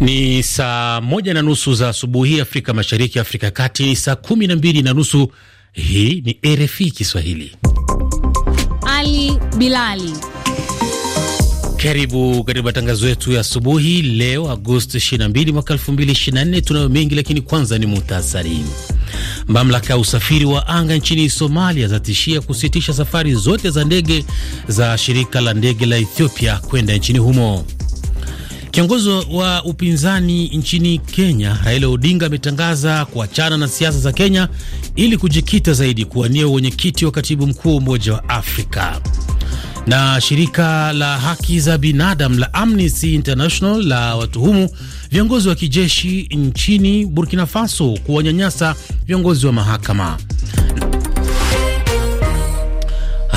Ni saa moja na nusu za asubuhi Afrika Mashariki, Afrika Kati ni saa kumi na mbili na nusu. Hii ni RFI Kiswahili. Ali Bilali, karibu katika matangazo yetu ya asubuhi leo Agosti 22 mwaka 2024. Tunayo mengi, lakini kwanza ni muhtasari. Mamlaka ya usafiri wa anga nchini Somalia zatishia kusitisha safari zote za ndege za shirika la ndege la Ethiopia kwenda nchini humo. Kiongozi wa upinzani nchini Kenya Raila Odinga ametangaza kuachana na siasa za Kenya ili kujikita zaidi kuwania uwenyekiti wa katibu mkuu wa Umoja wa Afrika. Na shirika la haki za binadamu la Amnesty International la watuhumu viongozi wa kijeshi nchini Burkina Faso kuwanyanyasa viongozi wa mahakama.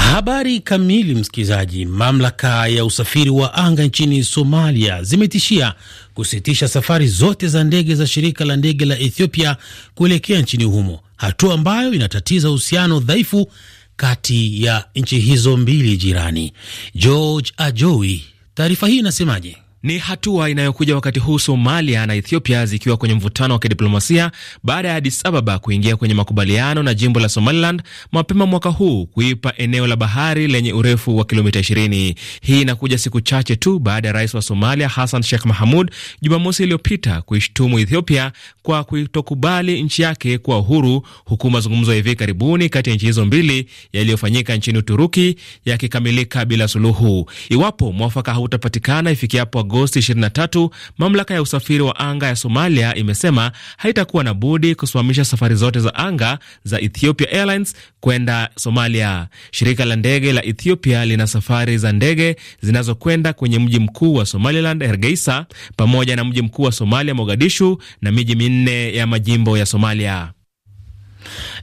Habari kamili, msikilizaji. Mamlaka ya usafiri wa anga nchini Somalia zimetishia kusitisha safari zote za ndege za shirika la ndege la Ethiopia kuelekea nchini humo, hatua ambayo inatatiza uhusiano dhaifu kati ya nchi hizo mbili jirani. George Ajoi, taarifa hii inasemaje? Ni hatua inayokuja wakati huu Somalia na Ethiopia zikiwa kwenye mvutano wa kidiplomasia baada ya Addis Ababa kuingia kwenye makubaliano na jimbo la Somaliland mapema mwaka huu kuipa eneo la bahari lenye urefu wa kilomita 20. Hii inakuja siku chache tu baada ya rais wa Somalia Hassan Sheikh Mahamud Jumamosi iliyopita kuishtumu Ethiopia kwa kutokubali nchi yake kuwa uhuru, huku mazungumzo ya hivi karibuni kati ya nchi hizo mbili yaliyofanyika nchini Uturuki yakikamilika bila suluhu. Iwapo mwafaka hautapatikana ifikiapo Agosti 23, mamlaka ya usafiri wa anga ya Somalia imesema haitakuwa na budi kusimamisha safari zote za anga za Ethiopia Airlines kwenda Somalia. Shirika la ndege la Ethiopia lina safari za ndege zinazokwenda kwenye mji mkuu wa Somaliland, Hargeisa, pamoja na mji mkuu wa Somalia, Mogadishu, na miji minne ya majimbo ya Somalia.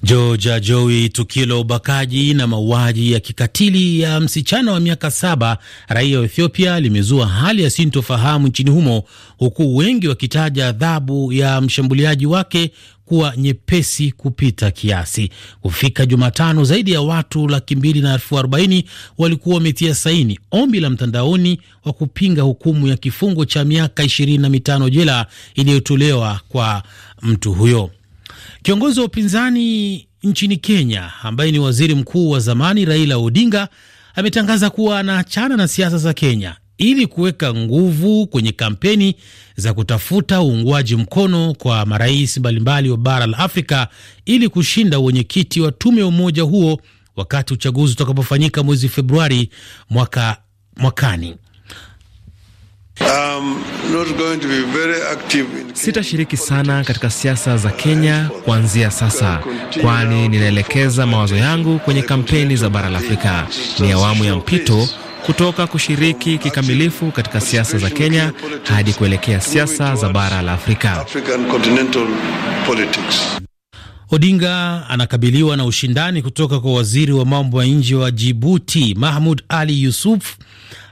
Georgia Joey, tukio la ubakaji na mauaji ya kikatili ya msichana wa miaka saba raia wa Ethiopia limezua hali ya sintofahamu nchini humo, huku wengi wakitaja adhabu ya mshambuliaji wake kuwa nyepesi kupita kiasi. Kufika Jumatano, zaidi ya watu laki mbili na elfu arobaini walikuwa wametia saini ombi la mtandaoni wa kupinga hukumu ya kifungo cha miaka ishirini na mitano jela iliyotolewa kwa mtu huyo. Kiongozi wa upinzani nchini Kenya ambaye ni waziri mkuu wa zamani Raila Odinga ametangaza kuwa anaachana na siasa za Kenya ili kuweka nguvu kwenye kampeni za kutafuta uungwaji mkono kwa marais mbalimbali wa bara la Afrika ili kushinda uwenyekiti wa tume ya umoja huo wakati uchaguzi utakapofanyika mwezi Februari mwaka mwakani. Um, sitashiriki sana katika siasa za Kenya kuanzia sasa, kwani ninaelekeza mawazo yangu kwenye kampeni za bara la Afrika. Ni awamu ya mpito kutoka kushiriki kikamilifu katika siasa za Kenya hadi kuelekea siasa za bara la Afrika. Odinga anakabiliwa na ushindani kutoka kwa waziri wa mambo ya nje wa Jibuti, Mahmud Ali Yusuf,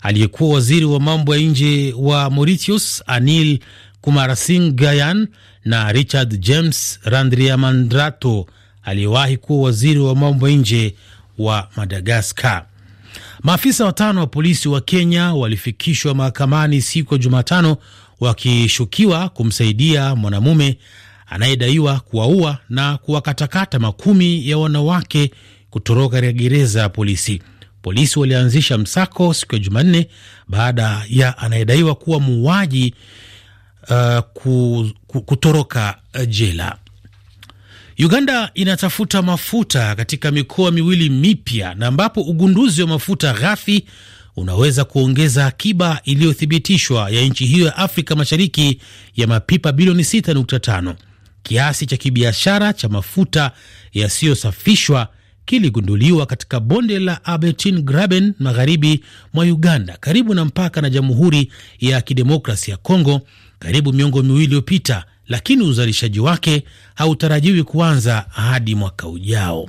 aliyekuwa waziri wa mambo ya nje wa Mauritius, Anil Kumarasing Gayan, na Richard James Randriamandrato, aliyewahi kuwa waziri wa mambo ya nje wa Madagaskar. Maafisa watano wa polisi wa Kenya walifikishwa mahakamani siku ya Jumatano wakishukiwa kumsaidia mwanamume anayedaiwa kuwaua na kuwakatakata makumi ya wanawake kutoroka katika gereza ya polisi. Polisi walianzisha msako siku ya Jumanne baada ya anayedaiwa kuwa muuaji uh, ku, ku, kutoroka uh, jela. Uganda inatafuta mafuta katika mikoa miwili mipya na ambapo ugunduzi wa mafuta ghafi unaweza kuongeza akiba iliyothibitishwa ya nchi hiyo ya Afrika Mashariki ya mapipa bilioni 6.5 kiasi cha kibiashara cha mafuta yasiyosafishwa kiligunduliwa katika bonde la Abertin Graben magharibi mwa Uganda, karibu na mpaka na Jamhuri ya Kidemokrasi ya congo karibu miongo miwili iliyopita, lakini uzalishaji wake hautarajiwi kuanza hadi mwaka ujao.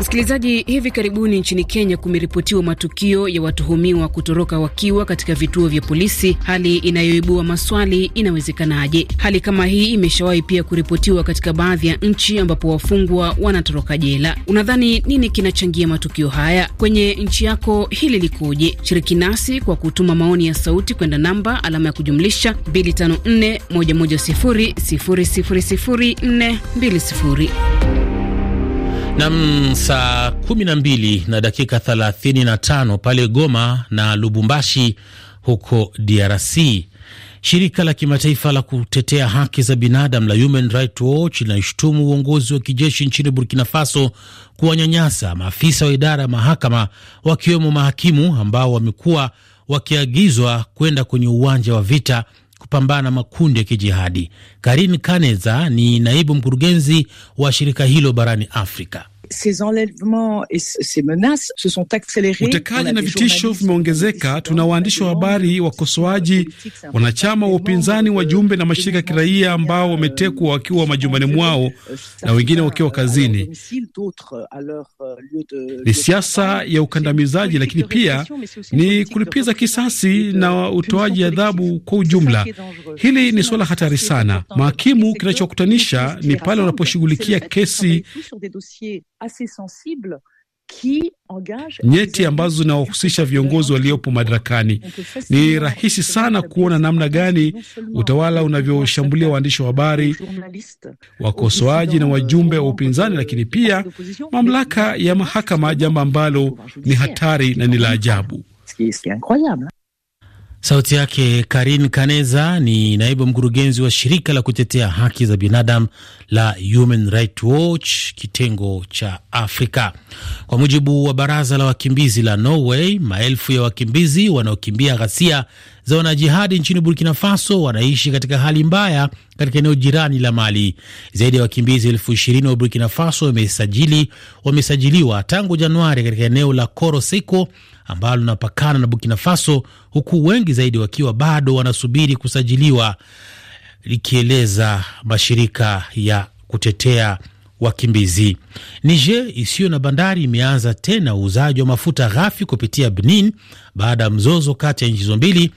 Msikilizaji, hivi karibuni nchini Kenya kumeripotiwa matukio ya watuhumiwa kutoroka wakiwa katika vituo vya polisi, hali inayoibua maswali, inawezekanaje? Hali kama hii imeshawahi pia kuripotiwa katika baadhi ya nchi ambapo wafungwa wanatoroka jela. Unadhani nini kinachangia matukio haya? Kwenye nchi yako hili likoje? Shiriki nasi kwa kutuma maoni ya sauti kwenda namba alama ya kujumlisha 254 Nam, saa kumi na dakika 35 pale Goma na Lubumbashi huko DRC. Shirika la kimataifa la kutetea haki za binadamu la Human Rights Watch linashutumu uongozi wa kijeshi nchini Burkina Faso kuwanyanyasa maafisa wa idara ya mahakama wakiwemo mahakimu ambao wamekuwa wakiagizwa kwenda kwenye uwanja wa vita kupambana na makundi ya kijihadi. Karin Kaneza ni naibu mkurugenzi wa shirika hilo barani Afrika. Ces enlèvements et ces menaces se sont accélérés. Utekaji na vitisho vimeongezeka. Tuna waandishi wa habari, wakosoaji, wanachama wa upinzani, wajumbe na mashirika ya kiraia ambao wametekwa wakiwa majumbani mwao na wengine wakiwa kazini. Ni siasa ya ukandamizaji, lakini pia ni kulipiza kisasi na utoaji adhabu kwa ujumla. Hili ni suala hatari sana. Mahakimu, kinachokutanisha ni pale wanaposhughulikia kesi assez sensible nyeti ambazo zinawahusisha viongozi waliopo madarakani. Ni rahisi sana kuona namna gani utawala unavyoshambulia waandishi wa habari, wakosoaji na wajumbe wa upinzani, lakini pia mamlaka ya mahakama, jambo ambalo ni hatari na ni la ajabu. Sauti yake Karin Kaneza ni naibu mkurugenzi wa shirika la kutetea haki za binadamu la Human Rights Watch kitengo cha Afrika. Kwa mujibu wa baraza la wakimbizi la Norway, maelfu ya wakimbizi wanaokimbia ghasia za wanajihadi nchini Burkina Faso wanaishi katika hali mbaya katika eneo jirani la Mali. Zaidi ya wakimbizi elfu ishirini wa Burkina Faso wamesajili wamesajiliwa tangu Januari katika eneo la Koro Seko ambalo linapakana na Burkina Faso, huku wengi zaidi wakiwa bado wanasubiri kusajiliwa, likieleza mashirika ya kutetea wakimbizi. Niger isiyo na bandari imeanza tena uuzaji wa mafuta ghafi kupitia Benin baada ya mzozo kati ya nchi hizo mbili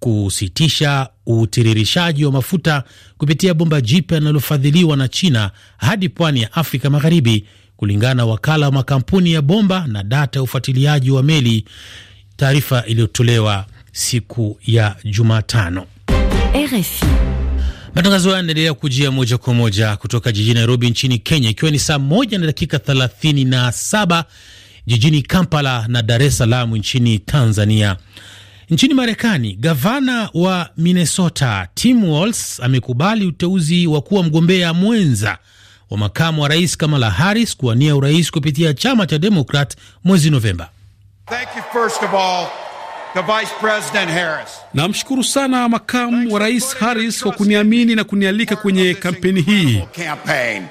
kusitisha utiririshaji wa mafuta kupitia bomba jipya linalofadhiliwa na China hadi pwani ya Afrika Magharibi, kulingana na wakala wa makampuni ya bomba na data ya ufuatiliaji wa meli, taarifa iliyotolewa siku ya Jumatano. RFI. Matangazo haya yanaendelea kujia moja kwa moja kutoka jijini Nairobi nchini Kenya, ikiwa ni saa moja na dakika thelathini na saba jijini Kampala na Dar es Salaam nchini Tanzania. Nchini Marekani, gavana wa Minnesota Tim Walz amekubali uteuzi wa kuwa mgombea mwenza wa makamu wa rais Kamala Harris kuwania urais kupitia chama cha Demokrat mwezi Novemba. Namshukuru sana makamu wa rais Harris kwa kuniamini na kunialika kwenye kampeni hii campaign.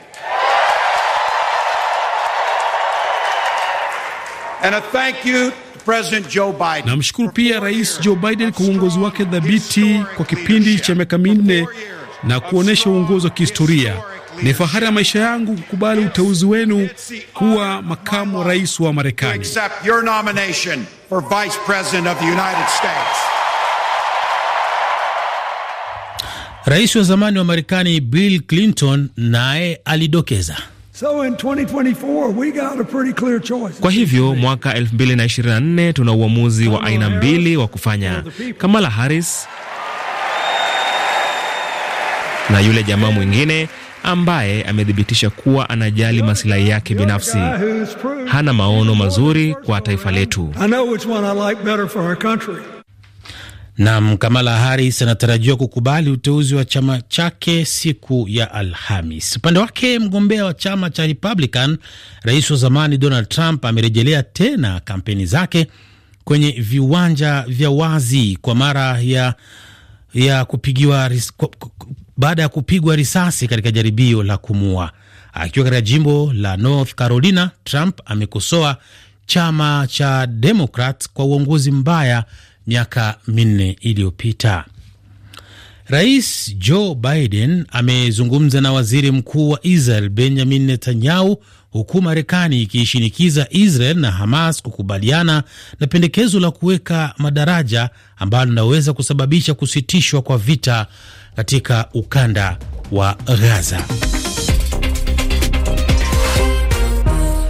And a thank you to President Joe Biden. Namshukuru pia Rais Joe Biden kwa uongozi wake dhabiti kwa kipindi cha miaka minne na kuonyesha uongozi wa kihistoria. Ni fahari ya maisha yangu kukubali uteuzi wenu kuwa makamu wa rais wa Marekani. Rais wa zamani wa Marekani Bill Clinton naye alidokeza kwa hivyo mwaka 2024 tuna uamuzi wa aina mbili wa kufanya: Kamala Harris na yule jamaa mwingine ambaye amethibitisha kuwa anajali masilahi yake binafsi, hana maono mazuri kwa taifa letu. I know which one I like better for our country. Nam Kamala Harris anatarajiwa kukubali uteuzi wa chama chake siku ya Alhamis. Upande wake, mgombea wa chama cha Republican, rais wa zamani Donald Trump amerejelea tena kampeni zake kwenye viwanja vya wazi kwa mara ya ya kupigiwa baada ya kupigwa risasi katika jaribio la kumua. Akiwa katika jimbo la North Carolina, Trump amekosoa chama cha Democrat kwa uongozi mbaya miaka minne iliyopita. Rais Joe Biden amezungumza na waziri mkuu wa Israel Benjamin Netanyahu, huku Marekani ikiishinikiza Israel na Hamas kukubaliana na pendekezo la kuweka madaraja ambalo linaweza kusababisha kusitishwa kwa vita katika ukanda wa Gaza.